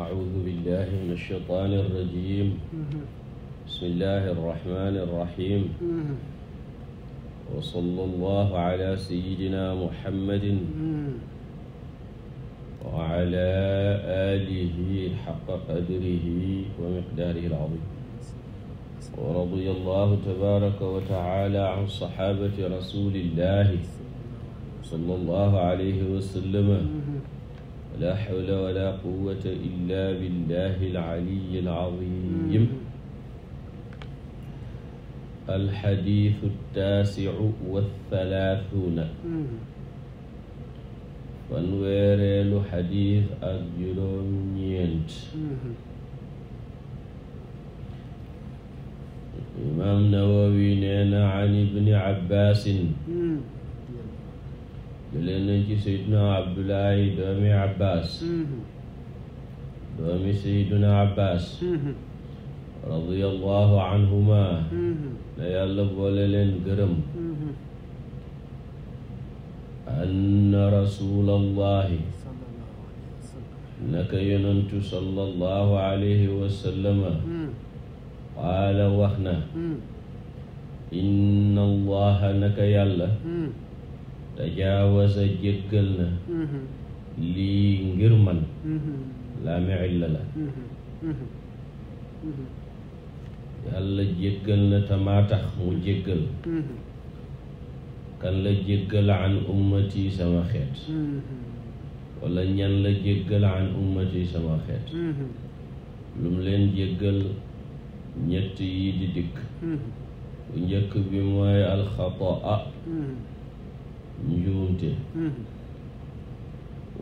أعوذ بالله من الشيطان الرجيم بسم الله الرحمن الرحيم وصلى الله على سيدنا محمد وعلى آله حق قدره ومقداره العظيم ورضي الله تبارك وتعالى عن صحابة رسول الله صلى الله عليه وسلم laa xawla wala quwwata illa billahi al-aliyyi al-azim alxadiisu taasiu wathalaathuuna fanweereelu xadiis ak juróom ñeent imaam Nawawi nee na an ibni abbaasin jëlee nañ ci sayduna abdullahi doomi abbas mm-hmm. doomi sayduna abbas mm-hmm. radiallahu anhuma na mm-hmm. yàlla boole leen gërëm anna rasulallahi naka yonantu sallallahu alayhi wa sallama mm. qaala wax na mm. inna allaha naka yàlla mm. tajaawasa jéggal na mhm. lii ngir man mhm. laa mexilla la mhm. yàlla na te mu jéggal kan la jéggal an ummati sama xeet wala ñan la jéggal an ummati sama xeet lu mu leen jéggal ñett yi di dikk bu njëkk bi mooy alxataa njuumte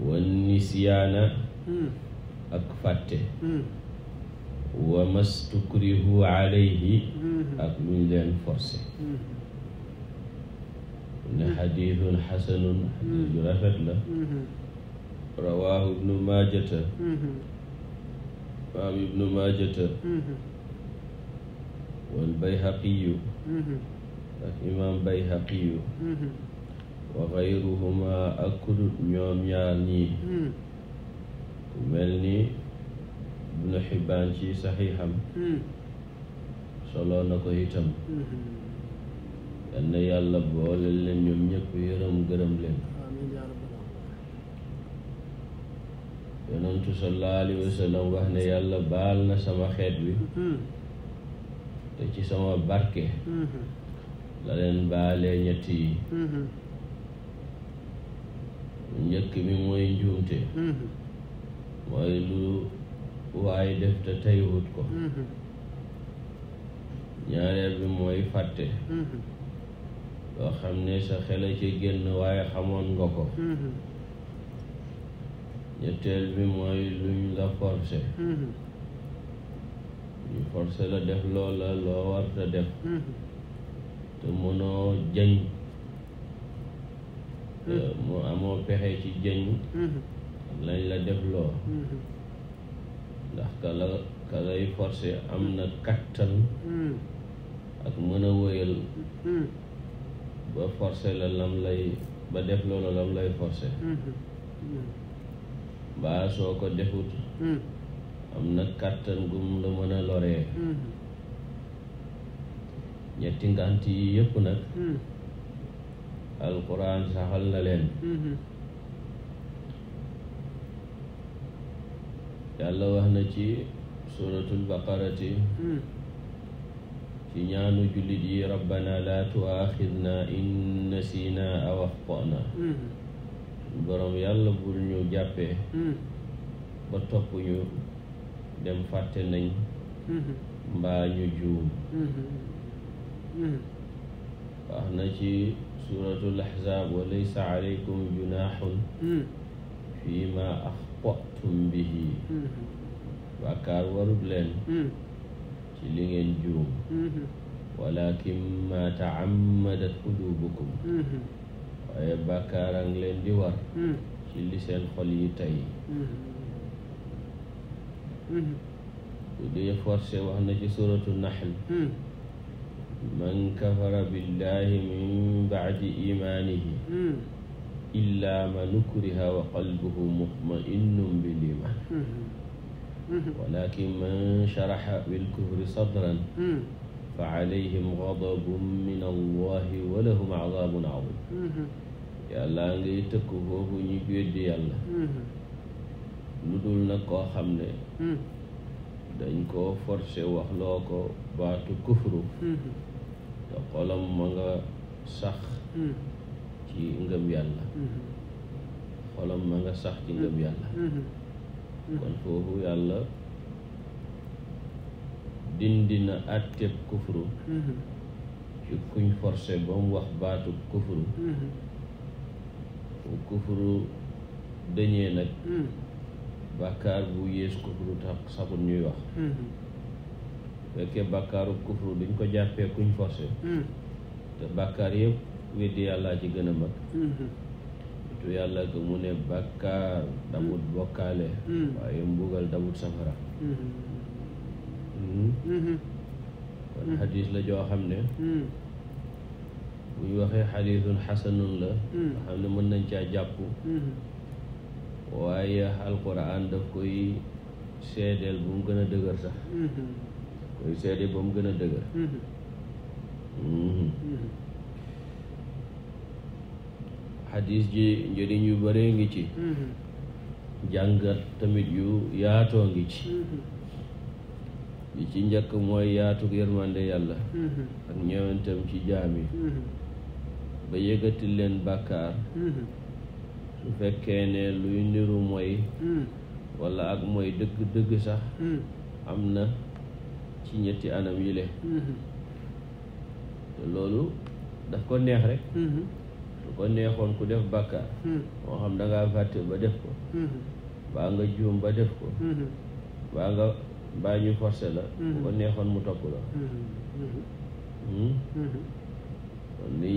wa nisyaana ak fàtte wa mastukrihu alayhi ak lu ñu leen forcé ne xadiisun xasanun xadiis ju rafet la rawaahu ibnu maajata imaam ibnu maajata wal bayhaqiyu ak imaam bayhaqiyu wa xayruhuma ak kudut ñoom ñaar ñii hmm. ku mel ni ibnu xibaan ci saxiixam hmm. solo na ko itam hmm. yàlla yàlla boole leen ñoom ñëpp yërëm gërëm leen yonentu sallallahu alayhi wa wax ne yàlla baal na sama xeet bi te ci sama barke la leen baalee ñett yi njëkk bi mooy njuumte mm-hmm. mooy lu waay def te teyuwut ko mm-hmm. ñaareel bi mooy fàtte mm-hmm. loo xam ne sa xel a ci génn waaye xamoon nga ko ñetteel bi mooy luñ la forcé ñu forcé la def loola loo warta def te mënoo jañ moo amoo pexe ci jëñu mm-hmm. lañ la def loo mm-hmm. ndax ka la ka am na kattan mm-hmm. ak mën a wóyal ba forcé la lam lay ba def loolu lam lay forcé baa soo ko defut am na kattan gum la mën a loree ñetti ngant yi yëpp nag alquran saxal na leen mm-hmm. yàlla wax na ci suratul baqarati mm. ci ñaanu jullit yi rabbana laa tuaaxidna in nasina aw axtana mm-hmm. borom yàlla bul ñu jàppee mm. ba topp ñu dem fàtte nañ mm-hmm. mbaa ñu juum wax na ci suuratul ahzaab wa laysa alaykum junaaxun hmm. fii ma axtatum bihi hmm. bàkkaar warub leen hmm. ci li ngeen juum walakin ma taammadat qulubukum waaye bàkkaar a ngi leen di war ci li seen xol yi tey bu dee forcé wax na ci suuratu naxl man kafara billahi min bacdi imaanihi illa man ukriha wa qalbuhu mutma'innun bil iman walakin man sharaha bil kufri sadran fa alayhim gadabun min allahi wa lahum adabun adim yàlla ngay tëkk foofu ñu weddi yàlla lu dul nag koo xam ne dañ koo forcé wax loo ko baatu kufru te hmm. hmm. xolam ma nga sax ci hmm. ngëm yàlla xolam ma nga sax ci ngëm yàlla kon foofu yàlla dindina àtteeb kufru ci kuñ forcé ba wax baatu kufru bu kufru dëñee nag bàkkaar bu yées kufru tax saxul ñuy wax fekkee bàkkaaru kufru duñ ko jàppee kuñ forcé hmm. te bàkkaar yëpp weddi yàllaa ci gën a mag hmm. tu yàlla ko mu ne bàkkaar damut hmm. bokkaale waaye mbugal damut safara kon la joo xam ne bu waxee xadisun xasanun la nga xam ne mën nañ caa jàpp waaye alquran daf koy seedeel bu mu gën a dëgër sax muy seede ba mu gën a dëgër xadis mm-hmm. mm-hmm. mm-hmm. ji njëriñ yu bëree ngi ci jàng tamit yu yaatoo ngi ci bi ci njëkk mooy yaatu yërmande yàlla ak ñëwantam ci jaam yi ba yëgati leen bàkkaar su fekkee ne luy niru mooy wala ak mooy dëgg-dëgg sax am na ci ñetti anam yi mm-hmm. loolu daf ko neex rek mm-hmm. su ko neexoon ku def bàkkaar mm-hmm. moo xam da ngaa fàtte ba def ko baa nga juum ba def ko baa nga baa ñu forcé la bu ko neexoon mu topp la hmm? kon li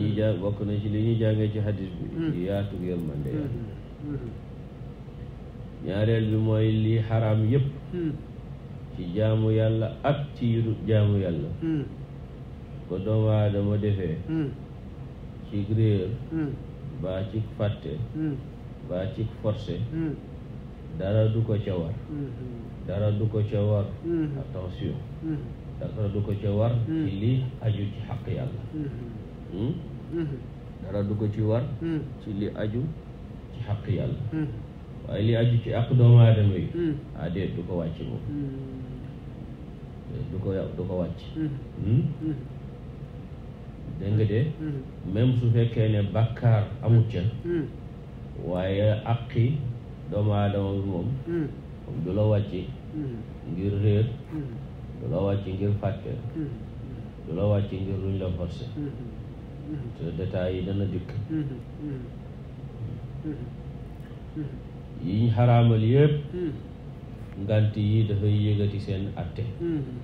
ñuy ci li ñuy jàngee ci xadis bi ci yaatu yërmande yàlla ñaareel bi mooy lii xaraam yépp ci jaamu yàlla ak ci yudut jaamu yàlla hmm. ko doomu aadama defee hmm. ci réer hmm. baa ci fàtte baa ci forcé dara du ko ca war dara du ko ca war attention dara du ko ca war ci li aju ci xaq yàlla dara du ko ci war ci li aju ci xaq yàlla waaye li aju ci àq doomu aadama yi adee ah, du ko wàcc moom du ko yàq du ko wàcc hmm. Hmm? Hmm. dégg nga de même su fekkee ne bàkkaar amut ca waaye àqi doomu aadama bi moom moom du la wàcc ngir réer du la wàcc ngir fàtte du la wàcc ngir luñ la forcé te détails yi dana dikk yiñ xaraamal yépp ngànt yi dafay yëgati seen atte mm-hmm.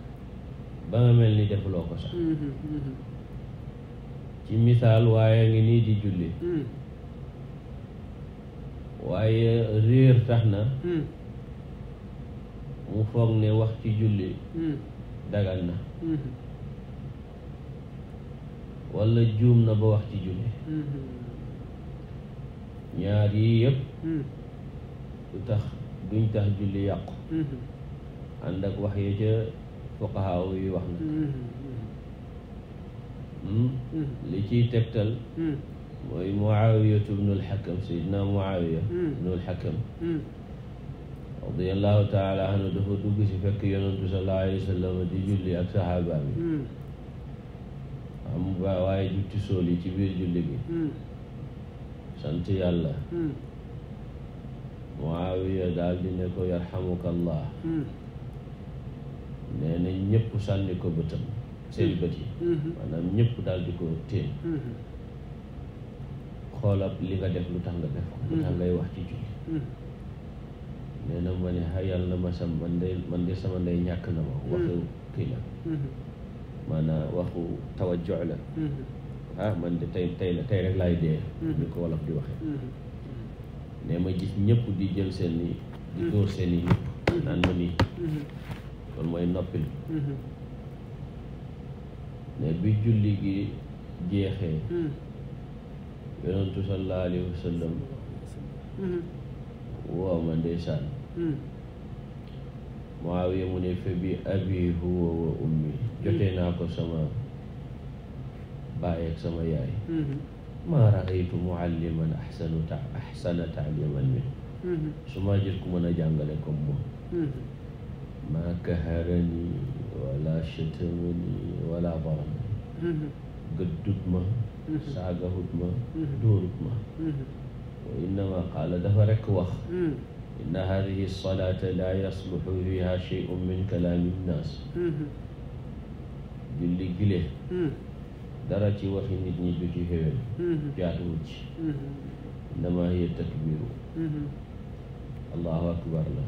ba nga mel ni defuloo ko sax mm-hmm. Mm-hmm. ci misaal waaye ngi nii di julli mm. waaye réer tax na mm. mu foog ne wax ci julli mm. dagal na walla juum na ba wax ci julli ñaar yii yëpp du tax duñ tax julli yàqu Mm-hmm. ànd ak wax ya ca fuqahaaw yi wax na mm-hmm. Mm-hmm. li ciy tegtal mooy muawiyatu bnul xakam sayidna muawiya bnul xakam radiallahu taala anhu dafa dugg si fekk yonentu sallallahu alayhi wa sallam di julli ak saxaaba bi am ba waaye jutti sóol yi ci biir julli bi sant yàlla muawiya daal di ne ko yarhamukallah hmm. nee na ñëpp sànni ko bëtam seen hmm. bët yi hmm. maanaam ñëpp daal di ko téen xoolab li nga def lu tax nga def ngay wax ci julli nee na ma ne a yàlla ma sam man de sama ndey ñàkk na ma waxu kii la maanaam waxu tawajjo la ah man de tey tey la tey rek laay dee ñu ko wolof di waxee ne ma gis ñëpp di jël seen i di mm-hmm. dóor seen i yëpp naan ma nii mm-hmm. loolu mooy noppil mm-hmm. ne bi julli gi jeexee mm. yonentu sallallahu alayhi wa sallam woo ma mm. mu ne fa bi huwa wa ummi mm. jotee naa ko sama baay ak sama yaay ma raaytu mualliman ahsanu ta ahsana taaliman min su ma gis ku mën a jàngale comme moom maa kaharani wala chatamani wala barani gëddut ma saagahut ma dóorut ma wa innama qaala dafa rekk wax inna hadihi salaata laa yasluxu fiha cheyun min kalaami nnaas julli gile dara ci waxi nit ñi du ci xéwén mm-hmm. jaatuwul ci mm-hmm. indamaa hiya takbiru mm-hmm. allahu akbar la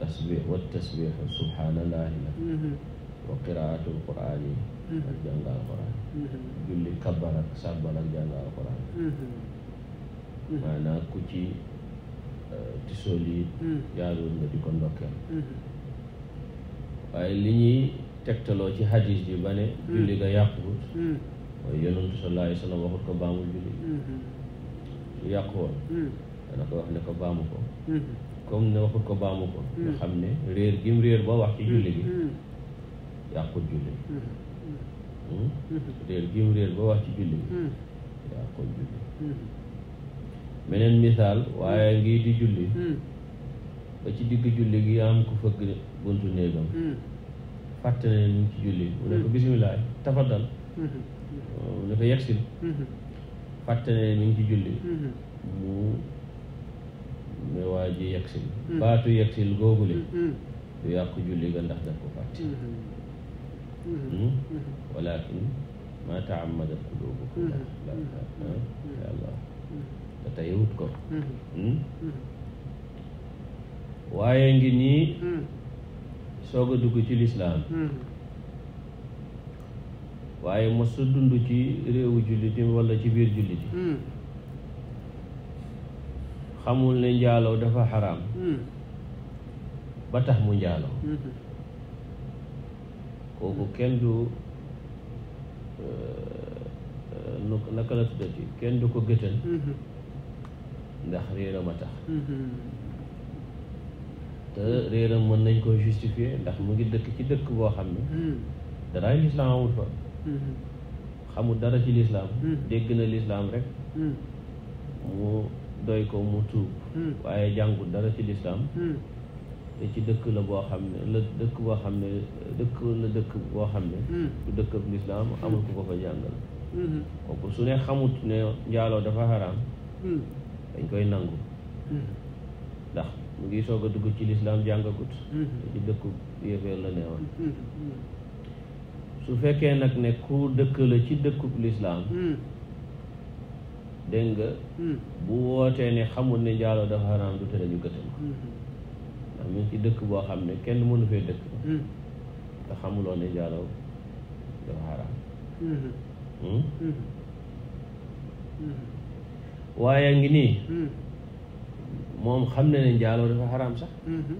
tasbih wa tasbihu subhaanallahi la wa qiraatul quraani ak jàng alquran julli kabbar ak sàbbal ak jàng alquran maanaam ku ci euh, tisool yi mm. jaarul nga di ko ndokkeel waaye li ñuy tegtaloo ci hadis bi ba ne mm. julli ga yàquwut mm. mooy yonantu sallallahu alayhi wa sallam waxut ko baamul julli su mm-hmm. yàqu woon mm. ko wax ne ko baamu ko mm-hmm. comme ne waxut ko baamu ko nga xam ne réer gim réer ba wax ci julli gi yàqut julli mm-hmm. Hmm? réer gim réer ba wax ci julli gi yàqut julli meneen misaal waaye ngi di julli ba ci digg julli gi am ku fëgg buntu néegam fàtte nañ julli mu ne ko bisimilah tafadal mu ne ko yegsil fàtte ne mi ngi ci julli mm-hmm. mm-hmm. oh, mm-hmm. mu ne waa yegsil baatu yegsil googule du yàqu julli ga ndax daf ko fàtte hmm? walakin ma taamadat qulubukum yàlla te tey wut ko hmm? waaye ngi nii soog dugg ci lislaam hmm. waaye mos a dund ci réewu julliti walla ci biir julliti hmm. xamul ne njaaloo dafa xaraam hmm. ba tax mu njaaloo kooku kenn du euh, nu naka la tuddati kenn du ko gëtal ndax réeram a tax te réeram mën nañ koo justifier ndax mu ngi dëkk ci dëkk boo xam ne hmm. daraay lislaam amul fa hmm. xamul dara ci lislaam hmm. dégg na lislaam rek mu doy ko mu tuub waaye jàngul dara ci lislaam te ci dëkk la boo xam ne la dëkk boo xam ne dëkk la dëkk boo xam ne du dëkk ab lislaam amul ku ko fa jàngal kooku su ne xamut ne njaaloo dafa xaraam dañ koy nangu ndax mu ngi soog a dugg ci lislaam jàng te mhm. ci mhm. su fekkee nag ne ku dëkk la ci dëkku lislaam mhm. dégg nga bu wootee ne xamul ne njaaloo dafa xaraam du tere ñu gëtëm ko ndax mu ci dëkk boo xam ne kenn mënu fee dëkk te xamuloo ne njaaloo dafa xaraam hmm? waaye ngi nii moom xam na ne njaaloo dafa xaraam sax mm-hmm.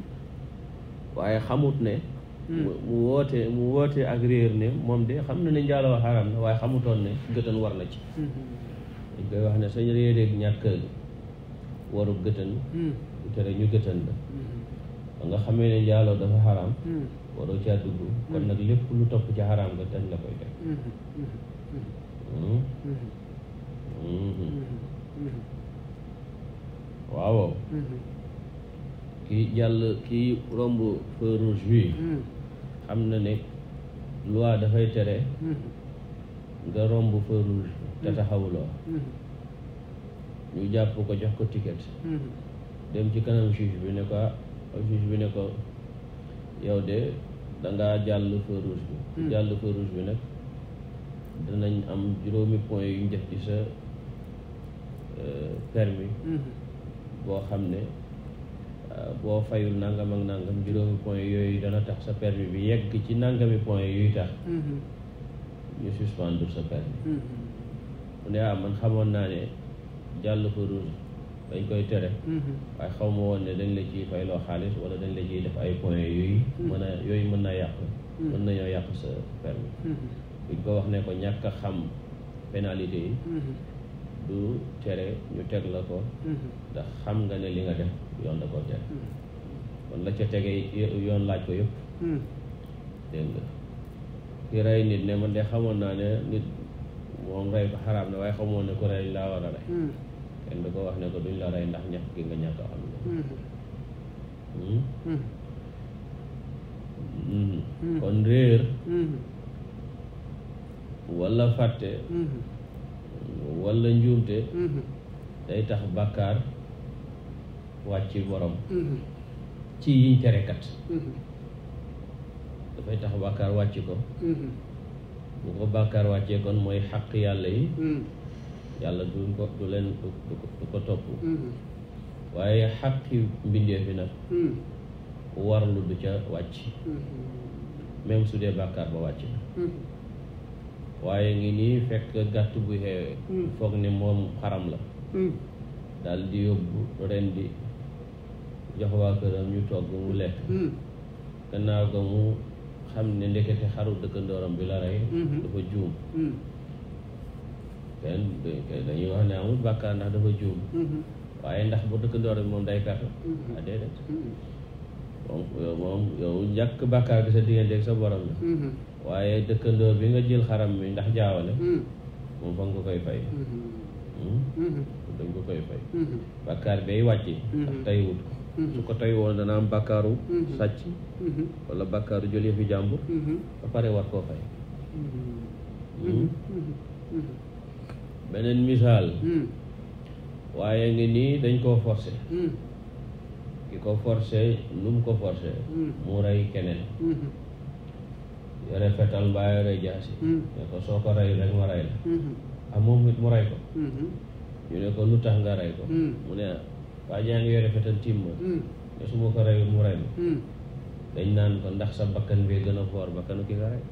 waaye xamut ne mm. mu woote mu woote ak réer ne moom de xam na ne njaaloo xaraam na waaye xamutoon ne gëtën war na ci mm-hmm. dañ koy wax ne sañ réeréeg ñàkk waru gëtën bu mm. tere ñu gëtën la mm-hmm. nga xamee ne njaaloo dafa xaraam mm. waroo caa dugg kon nag lépp lu topp ci xaraam nga dañ la koy def waaw mm-hmm. kii jàll kii romb feu rouge mm. xam na ne loi dafay tere mm-hmm. nga romb feu rouge te mm. taxawuloo mm-hmm. ñu jàpp ko jox ko ticket dem ci kanam juge bi ne ko ah, juge bi ne ko yow de dangaa jàll feu rouge bi mm. jàll feu bi nag danañ am juróomi point yu ñu def ci sa euh, permis boo xam ne euh, boo fayul nangam ak nangam juróomi point yooyu dana tax sa permis bi yegg ci nangami point yuy tax mm-hmm. ñu suspendre sa permis mm-hmm. mu ne ah man xamoon naa ne jàll fa rouge dañ koy tere mm-hmm. waaye xaw ma woon ne dañ la ciy loo xaalis wala dañ la ciy def ay point yuy mën a yooyu mën naa yàq mën nañoo yàq sa permis buñ ko wax ne ko ñàkk a xam pénalité yi du tere ñu teg la ko mm-hmm. da xam nga ne li nga def yoon da koo teg mm-hmm. kon la ca tege yoon laaj ko yëpp mm-hmm. dégg ki rey nit ne man de xamoon naa ne nit moom rey ko xaraam na waaye xamoon ne ku rey laa war a rey kenn du ko wax ne ko duñ la rey ndax ñax gi nga ñàkk xam nga hmm? hmm. kon réer walla fàtte walla njuumte mm-hmm. day tax bàkkaar wàcci borom mm-hmm. ci yiñ terekat mm-hmm. dafay tax bàkkaar wàcci ko bu ko bàkkaar wàccee kon mooy xaq yàlla yi yàlla du ko du leen du ko topp waaye xaqi mbindeef yi nag warlu du ca wàcc même su dee bàkkaar ba wàcc na waaye ngi nii fekk gàtt bu xeewee hmm. foog ne moom xaram la hmm. dal di yóbbu ren di jox waa këram ñu togg mu lekk hmm. gannaaw ga mu xam ne ndekete xaru dëkkandooram bi la rey dafa juum kenn dañuy wax ne amul bàkkaar ndax dafa juum waaye ndax bu dëkkandooram bi moom day perte ah déedéet moom yow moom yow ñàkk bàkkaar bi sa diggante sa borom la waaye dëkkandoo bi nga jël xaram bi ndax jaawale hmm. moom fa nga ko koy fay dañ ko wàcc fay hmm. hmm. ndax tay wut ko su ko tay woon dana am bàkkaaru sàcc walla bàkkaaru jël yëfi jàmbur ba pare war koo fay beneen misaal waaye ngi nii dañ koo forcé ki ko forcé lu mu ko forcé mu rey keneen yore fetal mbaa yore jaasi hmm. ne ko soo ko rey rek ma rey la hmm. ah moom it mu rey ko hmm. ñu ne ko lu tax nga rey ko mu ne waa jaa ngi yore fetal tiim ma ne su ma ko reyul mu rey ma dañ naan ko ndax sa bakkan bee gën a foor bakkanu ki nga rey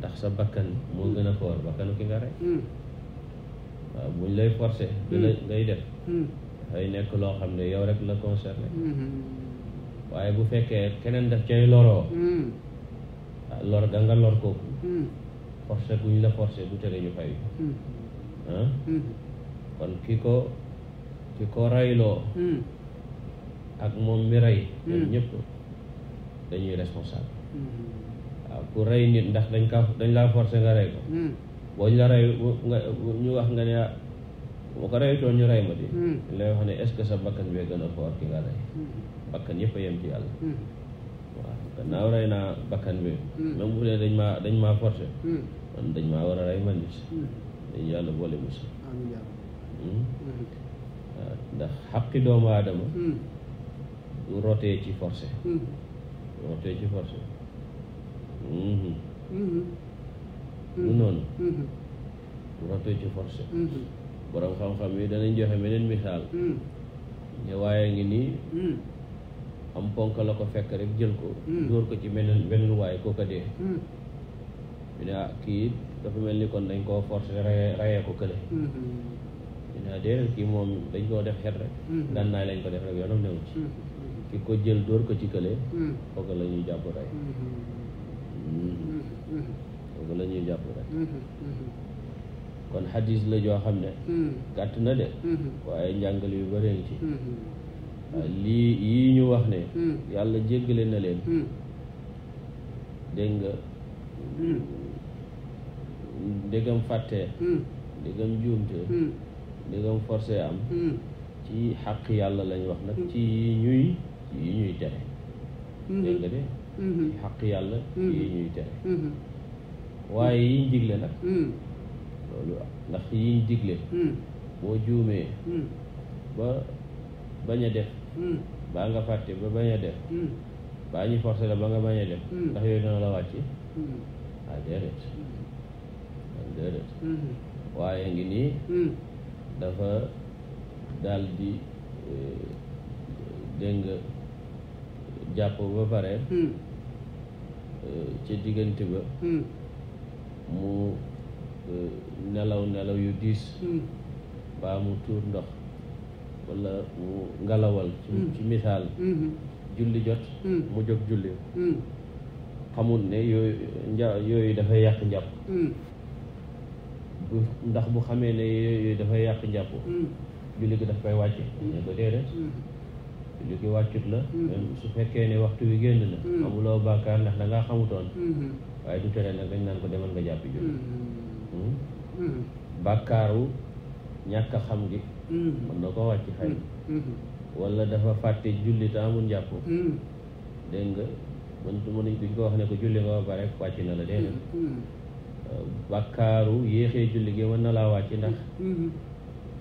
ndax sa bakkan moo gën a foor bakkanu ki nga rey waaw buñ lay forcé dina ngay def dafay nekk loo xam ne yow rek la concerné waaye bu fekkee keneen daf cay loroo hmm. ah, lor ga nga lor kooku hmm. forcé guñ la forcé du tere ñu fay hmm. kon ki ko ki ko rayloo ak moom mi rey ñoom ñëpp dañuy responsable waaw ku rey nit ndax dañ ka dañ laa forcé nga rey ko boo ñu la rey ñu wax nga ne ah, bu ko reyutoon ñu rey ma di lay wax ne est-ce sa bakkan bee gën a foor ki nga rey bakkan yëpp a yem ci yàlla hmm. waaw naa bakkan bi hmm. même bu dee dañ dañ maa forcé hmm. man dañ maa war a rey man nit dañ yàlla boole musi waaw ndax xaqi doomu aadama du rotee ci forcé rotee ci forcé lu noonu du rotee ci forcé borom xam-xam yi danañ joxe meneen misaal ne waaye ngi nii am ponk la ko fekk rek jël ko hmm. dóor ko ci beneen beneen waay koo ko dee hmm. ñu ne ah kii dafa mel ni kon dañ koo forcé rayee rayee ko kële hmm. ñu ne ah déedéet kii moom dañ koo def xet rek gànnaay lañ ko def rek yoonam newu ci ki ko jël dóor ko ci kële kooku la ñuy jàpp rey kooku la jàpp rey kon xadis la joo xam ne gàtt na de waaye njàngale yu bëri ngi ci lii yii ñu wax ne hmm. yàlla jéggale na leen hmm. dégg nga hmm. ndégam fàtte ndégam juumte ndégam forcé am ci xaq yàlla lañu wax nag ci yi ñuy ci yi ñuy tere dégg nga de ci xaq yàlla ci yi ñuy tere waaye yiñ digle nag loolu ndax yiñ digle boo juumee ba bañ a def Hmm. baa nga fàtte ba bañ def hmm. baa ñu forcé la ba nga bañ a def hmm. ndax yooyu dana la wàcc ah waaye ngi nii dafa daal di eh, dégg nga jàpp ba pare eh, ca diggante ba mu eh, nelaw nelaw yu diis baa mu tuur ndox wala mu ngalawal ci mm. misaal mm-hmm. julli jot mm. mu jot julli mm. xamul ne yooyu nja yooyu dafay yàq njàpp bu ndax bu xamee ne yooyu dafay yàq njàpp julli gi daf koy wàcce ne ko déedéet julli gi wàccut la su fekkee ne waxtu wi génn na amuloo bàkkaar ndax da ngaa xamutoon mm-hmm. waaye du tere nag dañ naan ko demal nga jàppi julli mm-hmm. Hmm? bàkkaaru ñàkk xam gi mën mm-hmm. na ko wàcc xëy mm-hmm. wala dafa fàtte julli te njàpp mm-hmm. dégg nga mën mënuñ duñ ko wax ne ko julli nga ba pare wàcc na la déedéet euh, bàkkaaru yéexee julli gi mën na laa wàcc ndax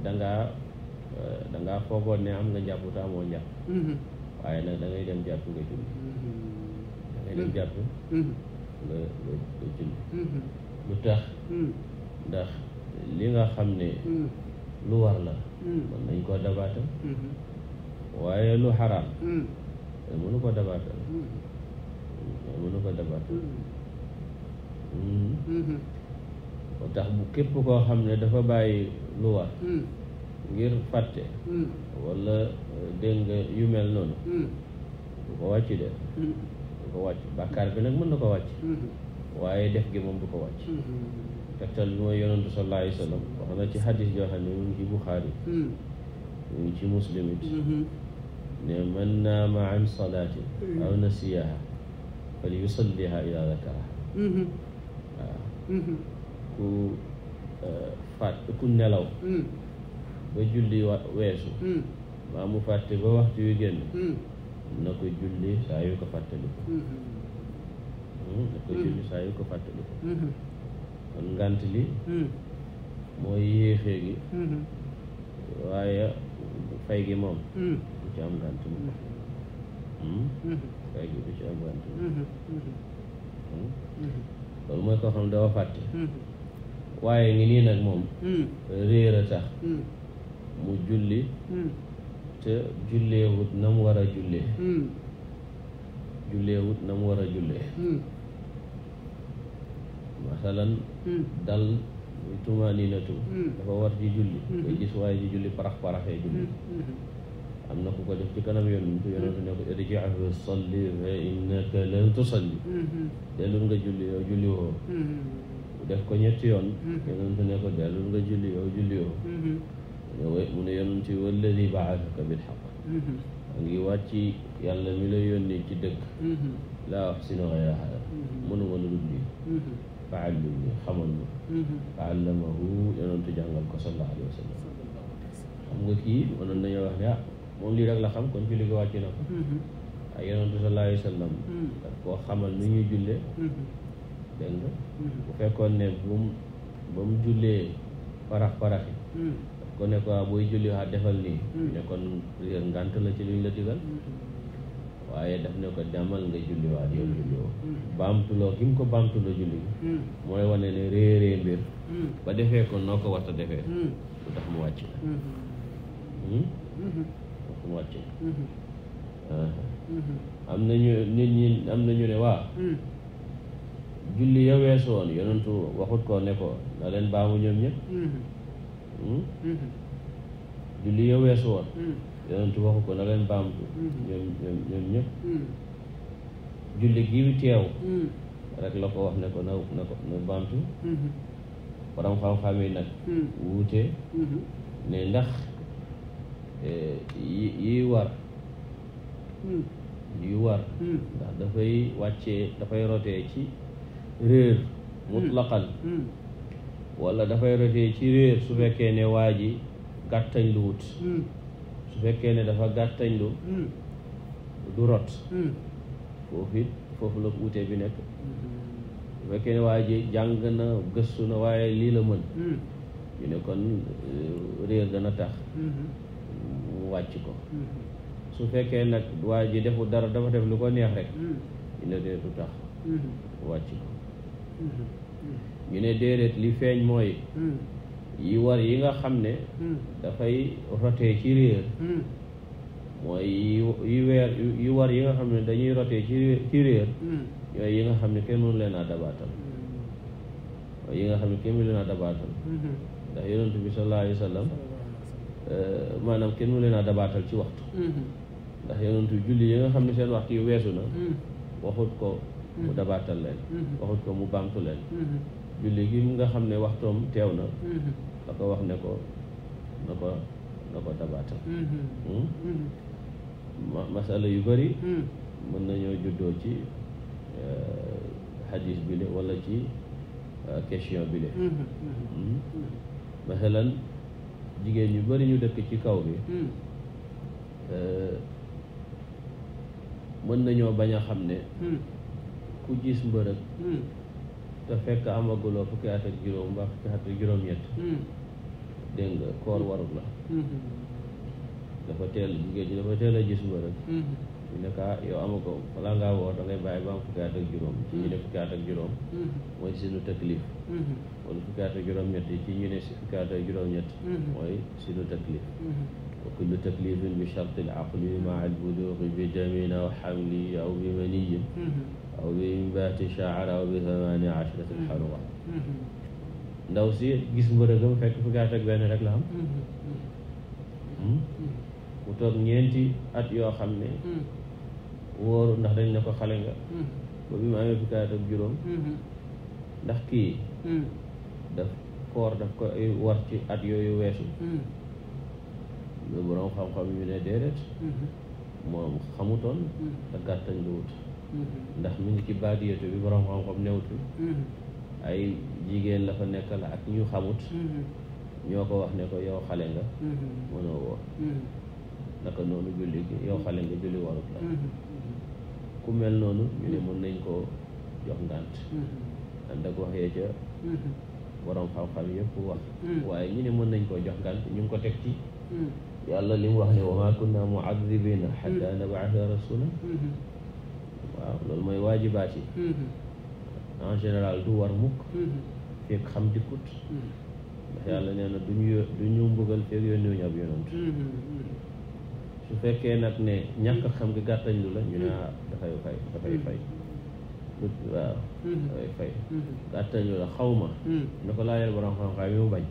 dangaa euh, dangaa foogoon ne am nga njàpp te amoo njàpp waaye nag da ngay dem jàpp nga julli da dem jàpp lu tax ndax li nga xam ne lu war la mm. mën nañ koo dabaatal mm-hmm. waaye lu xaraam kenn mm. mënu ko dabaatal kenn mm-hmm. mënu ko dabaatal mm-hmm. Mm. moo tax bu képp koo xam ne dafa bàyyi lu ngir fàtte wala euh, dégg nga yu mel noonu du ko wàcc de du ko wàcc bàkkaar bi nag mën na ko wàcc waaye def gi moom du ko wàcc tegtal bi mooy yonantu sallallahu alayhi wa sallam wax na ci xadis joo xam ne mu ngi ci buxaari hmm. mu ci muslim it hmm. ne man naama an salaatin hmm. aw nasiyaha fal yusalliha ida dakaraha waaw ku uh, faat ku nelaw ba julli weesu maa mu ba waxtu yu génn na ko julli saa yu ko fàttaliku na ko julli saa yu ko fàttaliku kon ngànt li hmm. mooy yéexee gi hmm. waaye fay gi moom hmm. du ci am ngànt mu fay gi du ci am ngànt mu loolu mooy koo xam ne dafa fàtte waaye ngi nii nag moom réer a mu julli te julleewut na mu war a julle julleewut na mu war a jullee masalan hmm. dal muy tumaninatu hmm. dafa war julli hmm. ngay gis waaye ci julli parax-paraxee julli am na ku ko def ci kanam yonentu yonentu ne ko irji' fa salli fa innaka lam tusalli dellul nga julli yow julli woo def ko ñetti yoon yonentu ne ko dellul nga julli yow julli woo mu ne yonentu walladi ba'athaka bil haqq a ngi wàcc yàlla mi la yónni ci dëgg laa ahsinu ghayraha fa allim ñu xamal ñu fa mhm. allamahu yonentu jàngal ko sallallahu alayhi wa sallam xam nga kii mënoon nañoo wax ne ah moom lii rek la xam kon julli ko wàcc na ko waaye mhm. yonentu sallallahu alayhi wa sallam mhm. daf koo xamal nu ñuy julle dégg bu fekkoon ne bu mu ba mu jullee farax faraxi daf ko ne ko ah, booy julli waa ah, defal nii ne kon réer la ci luñ la digal waaye daf ne ko demal nga julliwaat yow julliwoo hmm. baamtuloo ki mu ko baamtuloo julli hmm. mooy wane ne réeree mbir hmm. ba defee ko noo ko war a defee lu tax mu wàcc la tax mu wàcc uh-huh. am nañu nit ñi am nañu ne waaw julli ya weesu woon yonentu waxut ko ne ko na leen baamu ñoom ñëpp julli ya weesu woon yonentu waxu na leen baamtu mm-hmm. ñoom ñoom ñëpp mm. julli gi bi teew mm. rek la ko wax ne ko na na ko na baamtu mm-hmm. borom xam-xam yi nag mm. wute mm-hmm. ne ndax e, yi yi war yi war ndax dafay wàccee dafay rotee ci réer mutlaqan wala dafay rotee ci réer su fekkee ne waa ji gàttañ lu wut su fekkee ne dafa gàttañlu hmm. du rot hmm. foofu it foofu la uute bi nekk hmm. su fekkee ne waa ji jàng na gëstu na waaye lii la mën ñu ne kon euh, réer dana tax mu wàcc ko su fekkee nag waa ji defu dara dafa def lu ko neex rek ñu ne déet li feeñ mooy yi war yi nga xam ne hmm. dafay rotee ci réer hmm. mooy yi war yi nga xam ne dañuy rotee ci réer hmm. yooyu yi nga xam ne kenn mënu leen a dabaatal yi nga xam ne kenn mënu leen a dabaatal ndax yonent bi sallallahu alayhi wa sallam maanaam kenn mu leen a dabaatal ci waxtu ndax yonentu julli yi nga xam ne seen waxtu yu weesu na waxut ko mu dabaatal leen waxut ko mu baamtu leen julli gi nga xam ne waxtoom teew na ba wax ne ko na ko na ko dabaatal mm-hmm. hmm? mm-hmm. masala yu bari mm. mën nañoo juddoo ci xadis euh, bi le wala ci euh, question bi le mm-hmm. hmm? jigéen ñu bari ñu dëkk ci kaw bi mm. euh, mën nañoo bañ a xam ne mm. ku gis mbërëg te fekk amaguloo fukki at juróom mbaa fukki at juróom-ñett dégg nga koor warut la mm-hmm. dafa teel jigéen ñi dafa teel a gis nga rek mm-hmm. ñu ne ka ah, yow ama ko balaa ngaa woor da ngay bàyyi ba am fukki at ak juróom ci mm-hmm. ñu ne fukki at ak juróom mooy sinu taklif wala fukki at ak juróom ñett yi ci ñu ne si fukki at ak juróom ñett mooy sinu taklif wa kullu taklifin bi charti alaqli maa albuluuqi bi damin aw xamli aw bi maniyin aw bi imbaati shaar aw bi thamani ashrati alxarwa ndaw si gis mbërëgam fekk fu gàtt ak benn rek la am mm-hmm. Hmm? Mm-hmm. mu toog ñeenti at yoo xam ne mm-hmm. wóoru ndax dañ ne ko xale nga ba bi mu amee fukki ak juróom ndax kii daf koor daf ko ay war ci at yooyu weesu lu borom xam-xam yu ne déedéet moom xamutoon te gàttañ lu wut ndax mu ngi ci baadiyatu bi borom xam-xam newtu ay jigéen la fa nekkal ak ñu xamut mm-hmm. ñoo ko wax ne ko yow xale nga mm-hmm. mënoo woor mm-hmm. naka noonu julli yow xale nga julli warut la ku mel noonu ñu ne mën nañ koo jox ngànt ànd ak wax ca waroom xam-xam yëpp wax waaye ñu ne mën nañ koo jox ngànt ñu ngi ko teg ci yàlla li mu wax ne wa maa kunna mu'azzibina hatta nab'atha rasula waaw loolu mooy waajibaat yi en général du war mukk mm-hmm. fekk xam dikkut mm-hmm. ndax yàlla nee na du ñu yo- du ñu mbugal fekk yónniwuñu ab yonant mm-hmm. su fekkee nag ne ñàkk xam gi gàttañ lu la ñu ne ah, dafay fay dafay fay waaw dafay fay gàttañ lu la xaw ma na ko laajal borom xam-xam yi mu bañ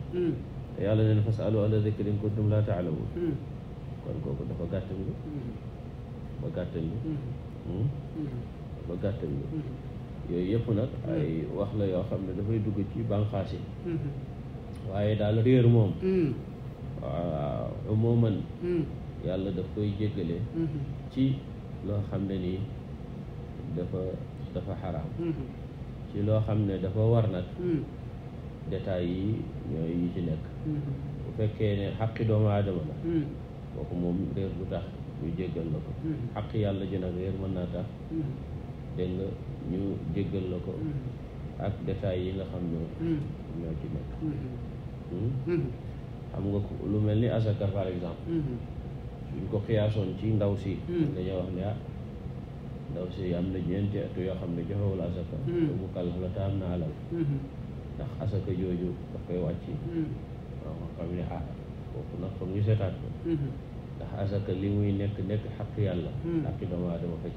te yàlla nee na fasalu ahla dikri in kuntum laa ta'lamuun kon kooku dafa gàttañ lu ba gàttañ lu ba hmm? gàttañ lu yooyu yëpp nag mm-hmm. ay wax la yoo xam ne dafay dugg ci bànqaas yi mm-hmm. waaye daal réer moom mm-hmm. waaw umuman yàlla daf koy jéggale ci loo xam ne nii dafa dafa xaraam ci loo xam ne dafa war nag détails yi ñooy yi ci nekk bu fekkee ne xaqi doomu aadama la kooku moom réer du tax ñu jéggal la ko xaqi yàlla ji nag réer mën naa tax dégg nga ñu jéggal la ko mm-hmm. ak détails yi nga xam ne mm-hmm. ñoo ci nekk mm-hmm. Hmm? xam nga lu mel ni asaka par exemple suñ ko xiyaasoon ci ndaw si dañoo wax ne ah ndaw si am na ñeenti atu yoo xam ne joxewul asaka te mu kàllax la te am na alal ndax asaka jooju daf koy wàcc waaw nga xam ne ah kooku nag foog ñu seetaat ko ndax asaka li muy nekk nekk xaq yàlla xaqi doomu aadama ko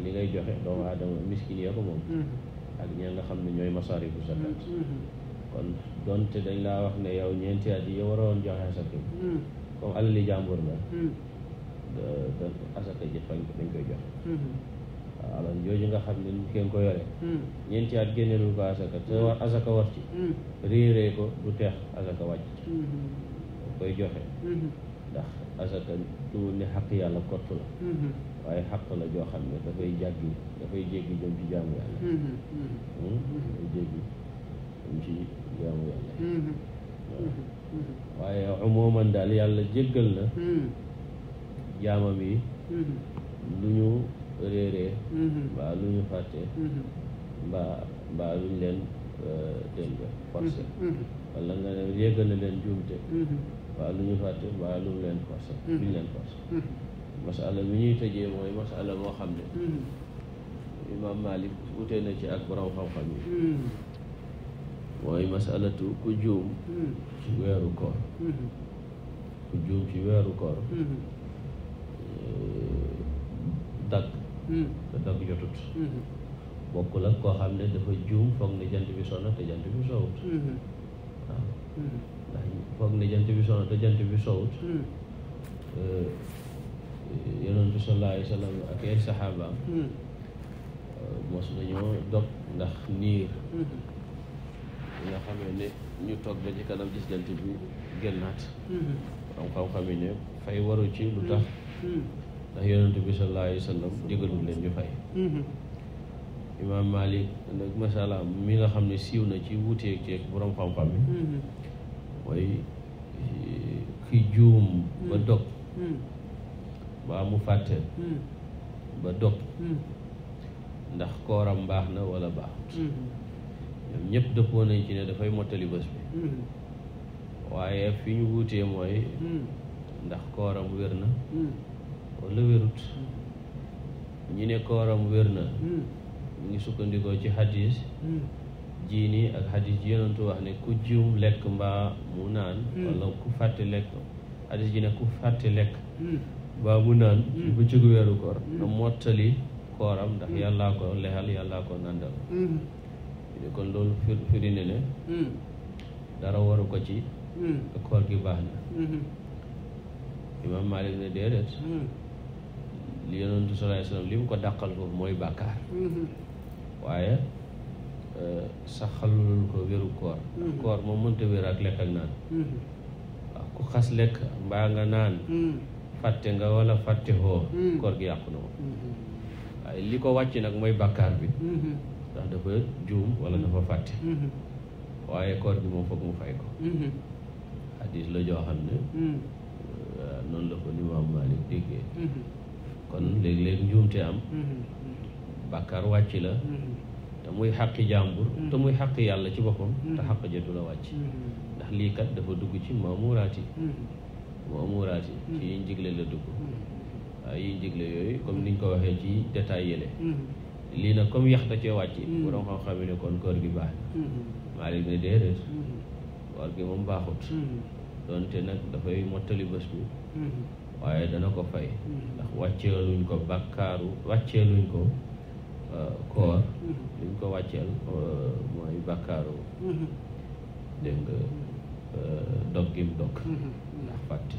li ngay joxe doomu aadama miskin ya ko moom mm-hmm. ak ña nga xam ne ñooy masaarifu zakat mm-hmm. kon donte dañ la wax ne yow ñeenti at yi waroon joxe asaka mm-hmm. comme alali jàmbur la dañ koy joxe waaw alal jooju nga xam ne nit kenn ko yore ñeenti at génneelul ko asaka te war asaka war ci réeree ko du teex asaka wàcc koy joxe ndax asaka du ni xaq yàlla kott la mm-hmm. waaye xaq la joo xam ne dafay jàggi dafay jéggi jëm ci jaamu yàlla mm-hmm. Mm-hmm. Hmm? dafay jéggi jëm ci daal yàlla jéggal na jaamam yi lu ñu réeree mbaa lu ñu fàtte mbaa mbaa lu ñu leen euh, dégg forcé wala nga ne yéggal leen juumte waa lu ñu fàtte waa lu leen forcé hmm. lu leen forcé hmm. masala bi ñuy tëjee mooy masala moo xam ne hmm. imaam Malik wute na ci ak borom xam-xam yi mooy masalatu ku juum ci weeru koor ku juum ci weeru koor dagg dagg jotut bokkul ak koo xam ne dafa juum foog ne jant bi sona te jant bi sowut waaw ndax foog ne jant bi sona te jant bi sowut hmm. eh, yonentu sallallahu alayhi wa sallam ak ay saxaabaam hmm. eh, mos ndax niir hmm. nga xamee ne ñu toog ba ci kanam jant bi génnaat am xam-xam yi ne fay waru ci lu tax ndax yonentu bi sallallahu alayhi wa sallam jëgalul leen ñu fay imaam Malik nag mi nga xam ne siiw na ci wuuteeg ceeg borom xam-xam yi mooy ki juum ba dog ba mu fàtte ba dog ndax kooram baax na wala baaxut ñoom ñëpp dëppoo nañ ci ne dafay mottali bés bi waaye fi ñu wuutee mooy ndax kooram wér na wala wérut ñi ne kooram wér na mu ngi sukkandikoo ci hadis jii nii ak xadis ji yonentu wax ne ku jiw lekk mbaa mu naan hmm. wala ku fàtte lekk xadis ji ne ku fàtte lekk hmm. mbaa mu naan hmm. ci bëccëgu weeru koor na mottali kooram ndax yàllaa ko lexal yàllaa ko nandal ñu kon loolu firi ne dara waru ko ci koor gi baax na imaam Maalik ne déedéet li yonentu sallallahu alayhi wasallam li mu ko dàqal foofu mooy bàkkaar waaye saxaluñu ko wéru koor mm-hmm. koor moom mënta wér ak lekk ak naan mm-hmm. ku xas lekk mbaa nga naan mm-hmm. fàtte nga wala fàtte xoo koor gi yàqu na moom waaye li ko wàcc nag mooy bàkkaar bi ndax dafa juum wala dafa fàtte waaye koor gi moom foog mu fay ko xadis la joo xam ne noonu la ko limaam Maalik déggee kon léeg-léeg njuumte am bàkkaar wàcc la muy xaqi jàmbur mm. te muy xaqi yàlla ci boppam mm. te xaq ja du la wàcc mm. ndax lii kat dafa dugg ci maamuraat yi maamuraat yi ci yiñ jigle la dugg waaw yiñ jigle yooyu comme niñ ko waxee ci détail yële lii nag comme yax da cee wàcc borom xam-xam ne kon koor gi baax na Maalik ne déedéet koor gi moom baaxut doonte nag dafay mottali bés bi waaye dana ko fay ndax wàcceeluñ ko bàkkaaru wàcceeluñ ko koor hmm. liñ ko wàcceel mooy bàkkaaru hmm. dégg nga hmm. dog gim dog ndax fàtte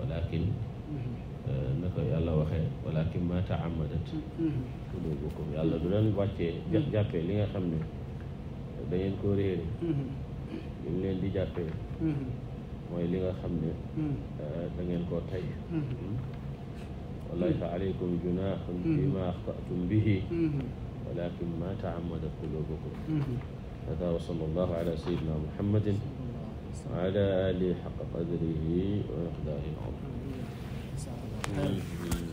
walakin eh, na ko yàlla waxee walakin ma taamadat qulubukum yàlla du leen wàccee jàppee li nga xam ne dangeen ko koo réere li leen di jàppee mooy li nga xam ne eh, dangeen ko koo tay walaysa alaykum junahun fima axtatum bihi walakin ma taammadat qulubukum hada wa sallallahu ala sayyidina muhammadin wa ala alihi xaqa qadrihi wa miqdaarihi al-aziim